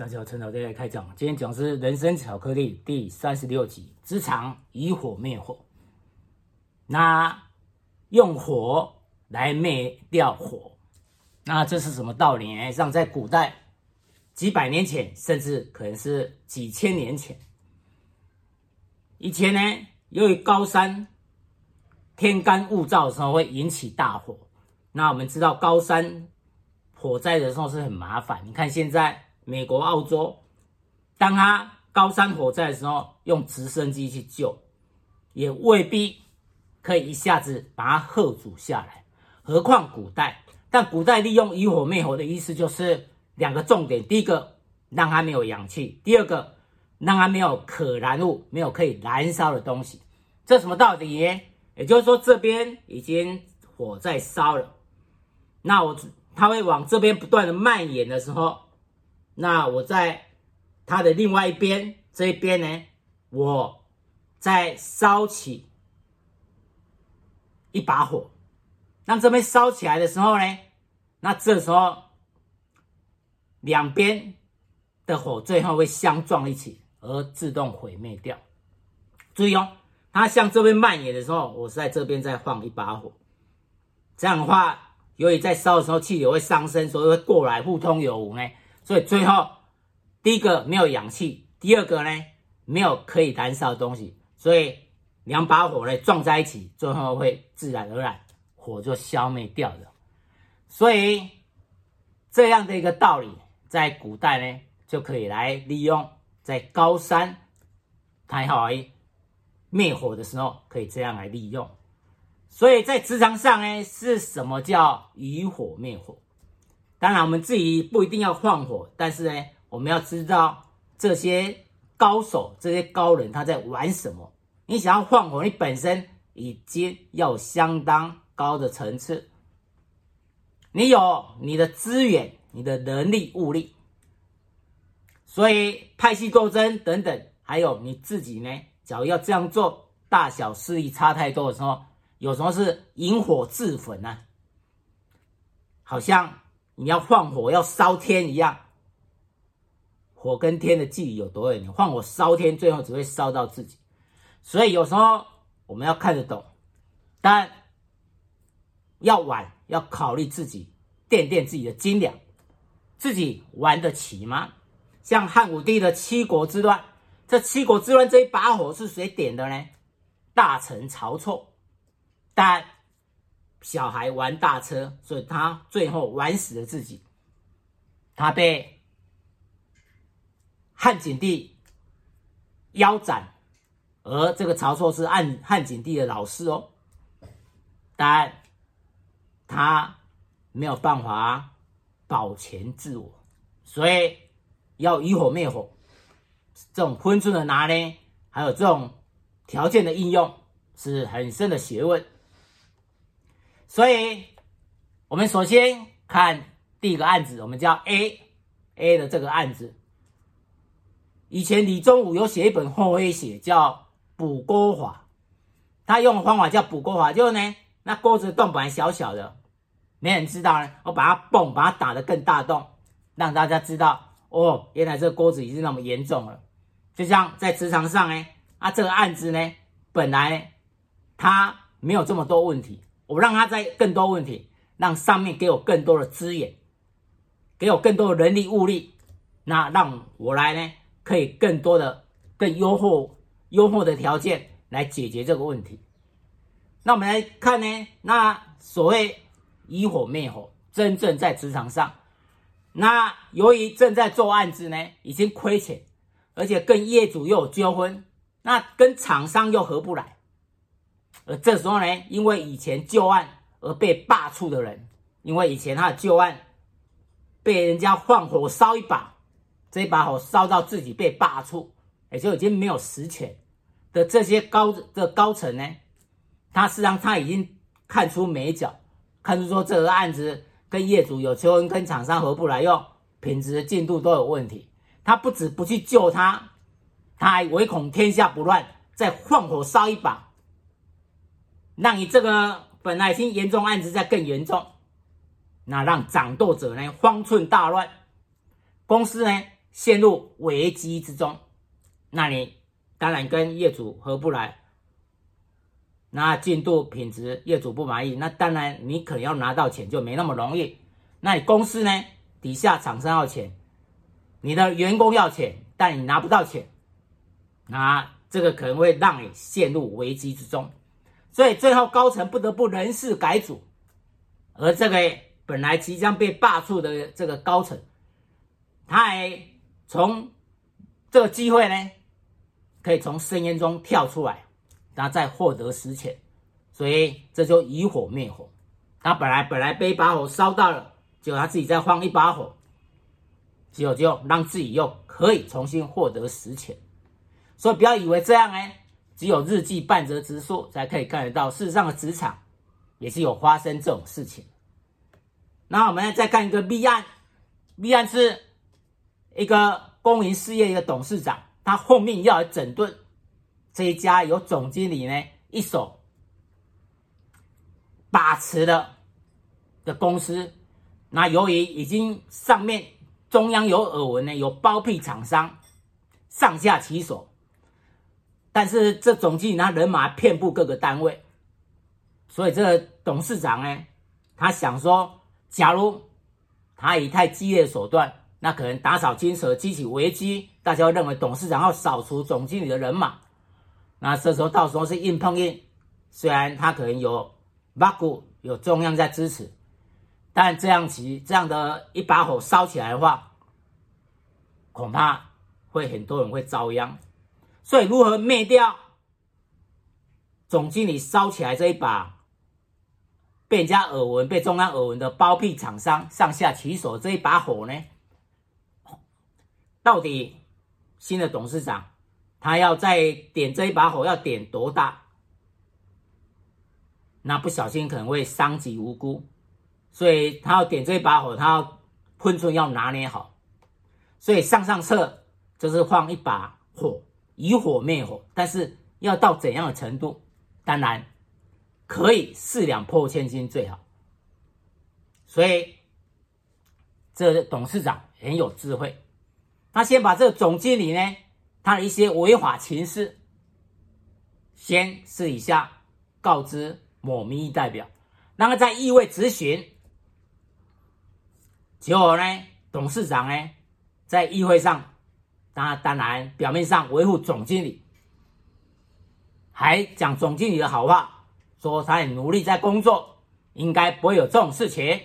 大家好，陳老師在開講。今天講的是人生巧克力第三十六集：職場以火滅火。那用火來滅掉火，那這是什麼道理呢？像在古代幾百年前，甚至可能是幾千年前，以前呢，由於高山天乾物燥的時候會引起大火。那我們知道高山火災的時候是很麻煩。你看現在。美國、澳洲，當他高山火災的時候，用直升機去救，也未必可以一下子把它 hold 住下來。何況古代，但古代利用以火滅火的意思就是兩個重點：第一個讓它沒有氧氣，第二個讓它沒有可燃物，沒有可以燃燒的東西。這什麼道理呢？也就是說，這邊已經火在燒了，那我它會往這邊不斷的蔓延的時候。那我在它的另外一邊，這一邊呢，我再燒起一把火。那這邊燒起來的時候呢，那這時候兩邊的火最後會相撞一起，而自動毀滅掉。注意哦，它向這邊蔓延的時候，我在這邊再放一把火。這樣的話，由於在燒的時候氣流會上升，所以會過來互通有無呢。所以最後，第一個沒有氧氣，第二個呢，沒有可以燃燒的東西，所以兩把火呢撞在一起，最後會自然而然火就消滅掉了。所以這樣的一個道理，在古代呢就可以來利用，在高山、大海滅火的時候可以這樣來利用。所以在職場上呢，是什麼叫以火滅火？當然，我們自己不一定要放火，但是呢，我們要知道這些高手、這些高人他在玩什麼？你想要放火，你本身已經要有相當高的層次，你有你的資源、你的人力物力，所以派系鬥爭等等，還有你自己呢，假如要這樣做，大小勢力差太多的時候，有什麼是引火自焚呢？好像。你要放火要燒天，一樣，火跟天的距離有多遠？你放火燒天，最後只會燒到自己。所以有時候我們要看得懂，但要玩要考慮自己，墊墊自己的斤兩，自己玩得起嗎？像漢武帝的七國之亂，這七國之亂這一把火是誰點的呢？大臣晁錯，但。小孩玩大車，所以他最後玩死了自己。他被漢景帝腰斬，而這個晁錯是漢漢景帝的老師哦，但他沒有辦法保全自我，所以要以火滅火。這種分寸的拿捏，還有這種條件的應用，是很深的學問。所以，我們首先看第一個案子，我們叫 A，A 的這個案子。以前李宗吾有寫一本厚黑學，叫《補鍋法》，他用的方法叫補鍋法，就是呢，那鍋子的洞本來小小的，沒人知道呢。我把它蹦，把它打得更大洞，讓大家知道哦，原來這個鍋子已經那麼嚴重了。就像在職場上呢，啊，這個案子呢，本來他沒有這麼多問題。我讓他在更多問題，讓上面給我更多的資源，給我更多的人力物力，那讓我來呢，可以更多的、更優厚、優厚的條件來解決這個問題。那我們來看呢，那所謂以火滅火，真正在職場上，那由於正在做案子呢，已經虧錢，而且跟業主又有糾紛，那跟廠商又合不來。而這時候呢，因為以前舊案而被罷黜的人，因為以前他的舊案被人家放火燒一把，這一把火燒到自己被罷黜，也就已經沒有實權的這些高的高層呢，他事實上他已經看出眉角，看出說這個案子跟業主有糾紛，跟廠商合不來用，用品質的進度都有問題，他不止不去救他，他還唯恐天下不亂，再放火燒一把。讓你這個本來已經嚴重案子再更嚴重，那讓掌舵者呢，方寸大亂，公司呢陷入危機之中。那你當然跟業主合不來，那進度品、品質業主不滿意，那當然你可能要拿到錢就沒那麼容易。那你公司呢底下廠商要錢，你的員工要錢，但你拿不到錢，那這個可能會讓你陷入危機之中。所以最後高層不得不人事改組，而這個本來即將被罷黜的這個高層，他還從這個機會呢，可以從深淵中跳出來，然後再獲得實權。所以這就以火滅火，他本來本來被一把火燒到了，結果他自己再放一把火，結果就讓自己又可以重新獲得實權。所以不要以為這樣呢。只有日劇半澤直樹才可以看得到，事實上的職場也是有發生這種事情。那我們再看一個 B 案，B 案是一個公營事業的一個董事長，他後面要來整頓這一家由總經理呢一手把持的的公司，那由於已經上面中央有耳聞呢，有包庇廠商，上下其手。但是這總經理他人馬遍佈各個單位，所以這個董事長呢，他想說，假如他以太激烈的手段，那可能打草驚蛇，激起危機，大家會認為董事長要掃除總經理的人馬，那這時候到時候是硬碰硬。雖然他可能有八股有中央在支持，但這樣其這樣的一把火燒起來的話，恐怕會很多人會遭殃。所以，如何滅掉總經理燒起來這一把被人家耳聞、被中央耳聞的包庇廠商上下其手的這一把火呢？到底新的董事長他要再點這一把火，要點多大？那不小心可能會傷及無辜，所以他要點這一把火，他要分寸要拿捏好。所以上上策就是放一把火。以火滅火，但是要到怎樣的程度？當然，可以四兩破千斤最好。所以，這個、董事長很有智慧，他先把這個總經理呢，他的一些違法情事，先私底下告知某民意代表。那麼在議會質詢。結果呢，董事長呢，在議會上。當當然，表面上維護總經理，還講總經理的好話說他很努力在工作，應該不會有這種事情。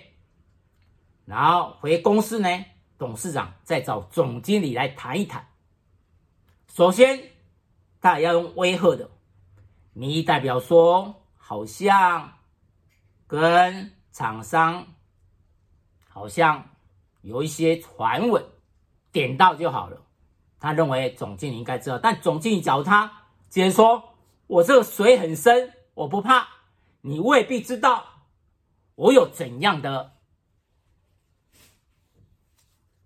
然後回公司呢，董事長再找總經理來談一談。首先，他也要用威嚇的名義代表說，好像跟廠商好像有一些傳聞，點到就好了。他認為總經理應該知道，但總經理找他，直接說我這個水很深，我不怕，你未必知道我有怎樣的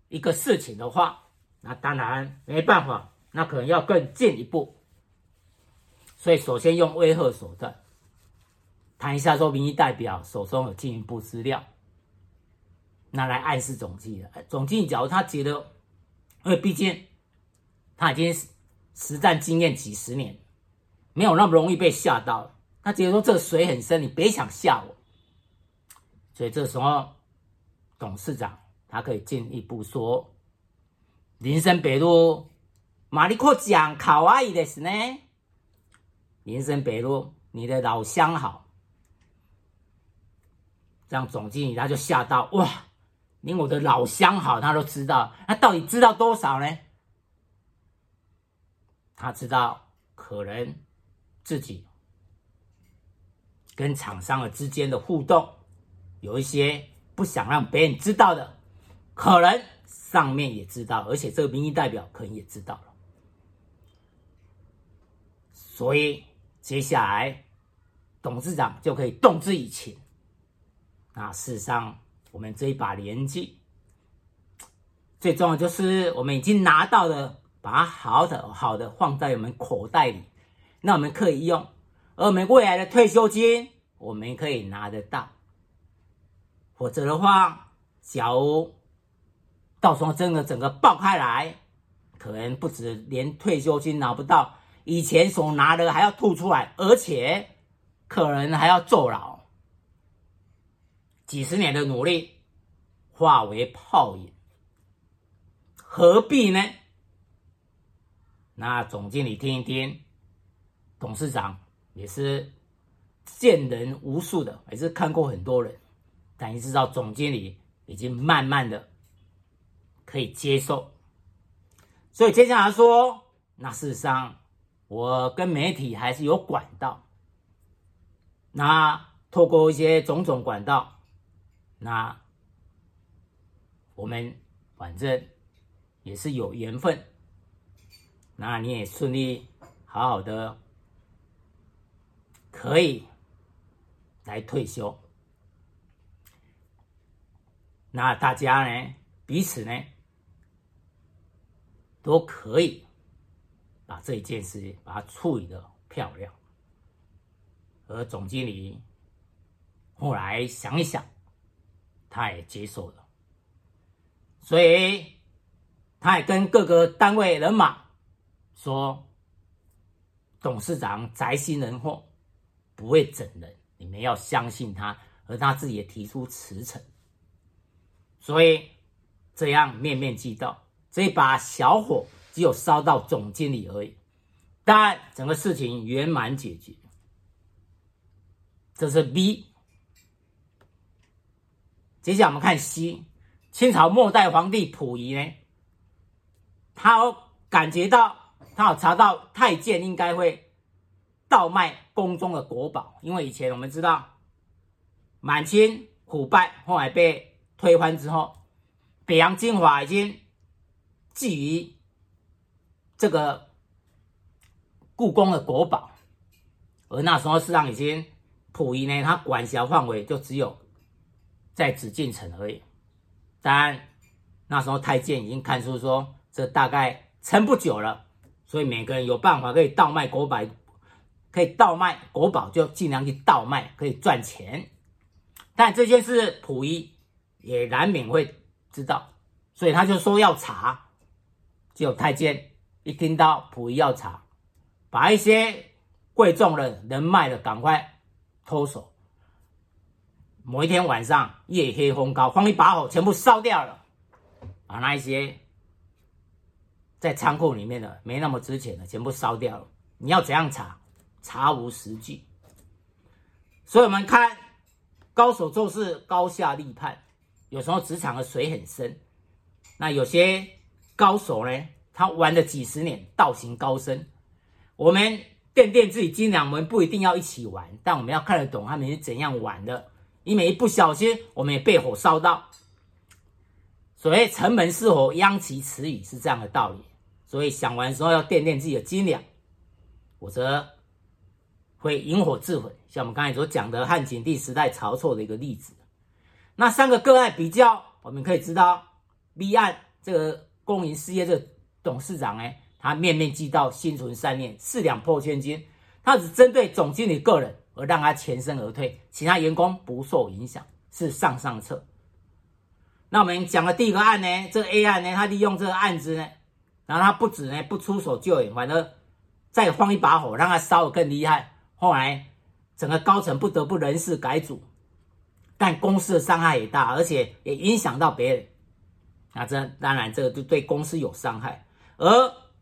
一個事情的話，那當然沒辦法，那可能要更進一步。所以首先用威嚇手段談一下，說民意代表手中有進一步資料，那來暗示總經理。總經理假如他覺得，因為畢竟。他已經實戰經驗幾十年，沒有那麼容易被嚇到。他覺得說：“這個水很深，你別想嚇我。”所以這時候董事長他可以進一步說：“林森北路，馬里克講卡哇伊的是呢，林森北路你的老相好。”這樣總經理他就嚇到哇，連我的老相好他都知道，他到底知道多少呢？他知道可能自己跟廠商的之間的互動有一些不想讓別人知道的，可能上面也知道，而且這個民意代表可能也知道了，所以接下來董事長就可以動之以情。那事實上，我們這一把年紀，最重要的就是我們已經拿到了。把它好的好的放在我們口袋裡，那我們可以用；而我們未來的退休金，我們可以拿得到。否則的話，假如到時候真的整個爆開來，可能不止連退休金拿不到，以前所拿的還要吐出來，而且可能還要坐牢。幾十年的努力化為泡影，何必呢？那總經理聽一聽，董事長也是見人無數的，也是看過很多人，但一直到總經理已經慢慢的可以接受，所以接下來說，那事實上我跟媒體還是有管道，那透過一些種種管道，那我們反正也是有緣分。那你也順利，好好的，可以來退休。那大家呢，彼此呢，都可以把這一件事把它處理得漂亮。而總經理後來想一想，他也接受了，所以他也跟各個單位人馬。說董事長宅心仁厚，不會整人，你們要相信他，而他自己也提出辭呈，所以這樣面面俱到，這把小火只有燒到總經理而已，當然整個事情圓滿解決，這是 B。接下來我們看 C，清朝末代皇帝溥儀呢，他感覺到。然後查到太監應該會倒賣宮中的國寶，因為以前我們知道滿清腐敗，後來被推翻之後，北洋軍閥已經覬覦這個故宮的國寶，而那時候實際上已經溥儀呢，他管轄範圍就只有在紫禁城而已，當然那時候太監已經看出說，這大概撐不久了。所以每個人有辦法可以倒賣國寶，可以倒賣國寶，就盡量去倒賣，可以賺錢。但這件事溥儀也難免會知道，所以他就說要查。就太監一聽到溥儀要查，把一些貴重的能賣的趕快脫手，某一天晚上夜黑風高，放一把火全部燒掉了，把那一些。在倉庫裡面的沒那麼值錢的，全部燒掉了。你要怎樣查？查無實據。所以我們看高手做事高下立判。有時候職場的水很深，那有些高手呢，他玩了幾十年，道行高深。我們掂掂自己斤兩門，我們不一定要一起玩，但我們要看得懂他們是怎樣玩的。因為一不小心，我們也被火燒到。所謂城門失火，殃及池魚，是這樣的道理。所以想玩之後要掂掂自己的斤兩，否則會引火自焚。像我們剛才所講的漢景帝時代晁錯的一個例子。那三個個案比較，我們可以知道 B 案這個公營事業的董事長呢，他面面俱到，心存善念，四兩撥千斤。他只針對總經理個人而讓他全身而退，其他員工不受影響，是上上策。那我們講的第一個案呢，這個 A 案呢，他利用這個案子呢。然後他不止呢，不出手救援，反而再放一把火，讓他燒得更厲害。後來整個高層不得不人事改組，但公司的傷害也大，而且也影響到別人。那這當然這個就對公司有傷害。而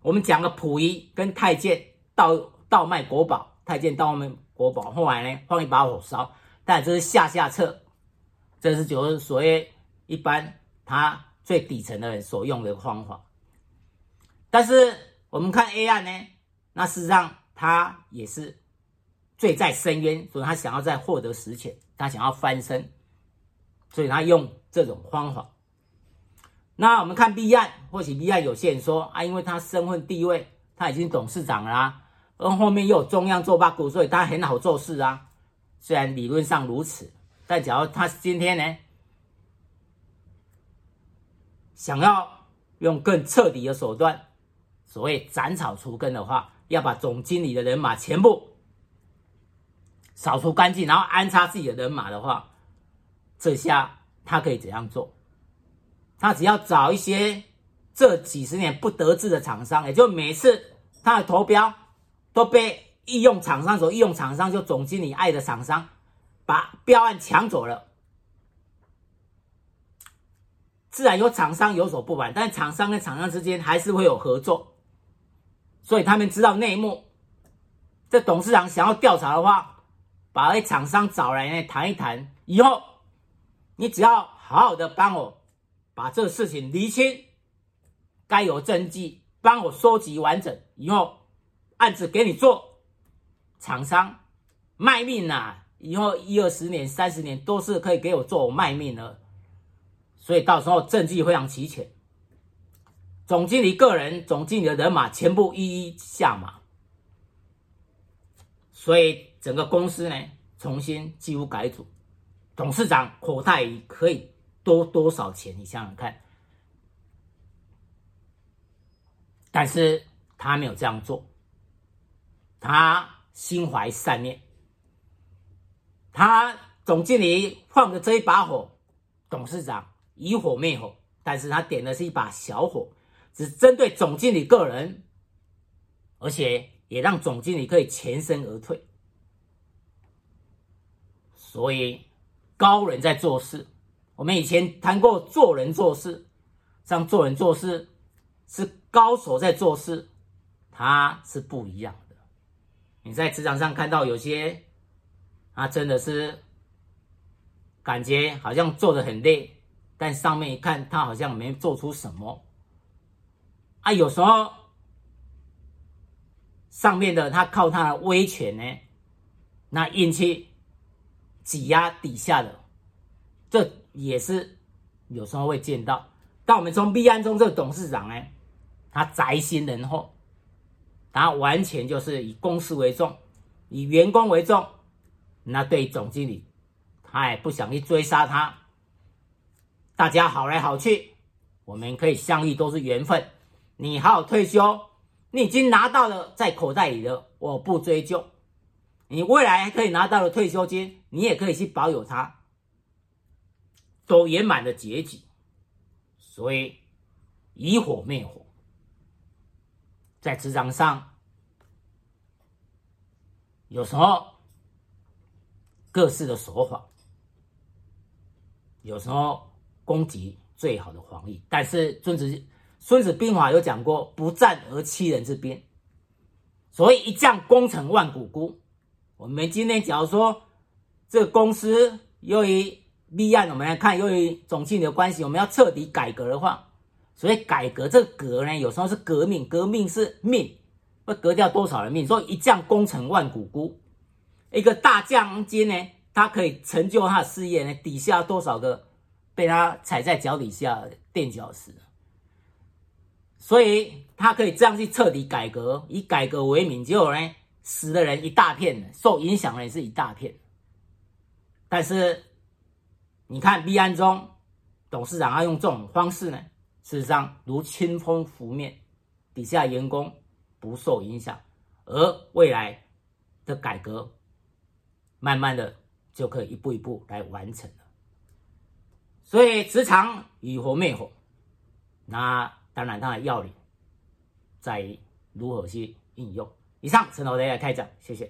我們講的溥儀跟太監盜盜，盜，盜賣國寶，太監盜賣國寶，後來呢放一把火燒，但這是下下策，這是就是所謂一般他最底層的人所用的方法。但是我們看 A 案呢，那事實上他也是罪在深淵，所以他想要再獲得實權，他想要翻身，所以他用這種方法。那我們看 B 案，或許 B 案有些人說啊，因為他身份地位，他已經董事長啦、啊，而後面又有中央做八股，所以他很好做事啊。雖然理論上如此，但假如他今天呢，想要用更徹底的手段。所謂斬草除根的話，要把總經理的人馬全部掃除乾淨，然後安插自己的人馬的話，這下他可以怎樣做？他只要找一些這幾十年不得志的廠商，也就每次他的投標都被御用廠商所御用廠商就總經理愛的廠商把標案搶走了，自然有廠商有所不滿，但廠商跟廠商之間還是會有合作。所以他們知道內幕。這董事長想要調查的話，把這廠商找來呢，那談一談，以後你只要好好的幫我把這事情釐清，該有證據幫我收集完整，以後案子給你做，廠商賣命吶、啊！以後一二十年、三十年都是可以給我做，我賣命的。所以到時候證據非常齊全。總經理個人，總經理的人馬全部一一下馬，所以整個公司呢，重新幾乎改組。董事長口袋裡可以多多少錢？你想想看，但是他沒有這樣做，他心懷善念，他總經理放的這一把火，董事長以火滅火，但是他點的是一把小火。只針對總經理個人，而且也讓總經理可以全身而退。所以，高人在做事。我們以前談過做人做事，像做人做事是高手在做事，他是不一樣的。你在職場上看到有些，他真的是感覺好像做的很累，但上面一看，他好像沒做出什麼。那有時候上面的他靠他的威權呢，那引氣擠壓底下的，這也是有時候會見到。但我們從 B 案中這個董事長呢，他宅心仁厚，他完全就是以公司為重，以員工為重。那對總經理，他也不想去追殺他，大家好來好去，我們可以相遇都是緣分。你好好退休，你已經拿到了在口袋裡的，我不追究。你未來可以拿到的退休金，你也可以去保有它，都圓滿的結局。所以以火滅火，在職場上，有時候各式的手法，有時候攻擊最好的防禦，但是君子。孫子兵法有講過“不戰而屈人之兵”，所以“一將功成萬骨枯”。我們今天假如說這個公司由於立案，我們來看，由於總經理的關係，我們要徹底改革的話，所以改革這個“革”呢，有時候是革命，革命是命，不革掉多少人命？所以“一將功成萬骨枯”，一個大將軍呢，他可以成就他的事業呢，底下多少個被他踩在腳底下墊腳石？所以他可以這樣去徹底改革，以改革為名，結果呢，死的人一大片，受影響的人也是一大片。但是你看 B 案中董事長要用這種方式呢，事實上如清風拂面，底下員工不受影響，而未來的改革，慢慢的就可以一步一步來完成了。所以，職場以火滅火？那？當然，它的要領在於如何去應用。以上，是老雷的開講，謝謝。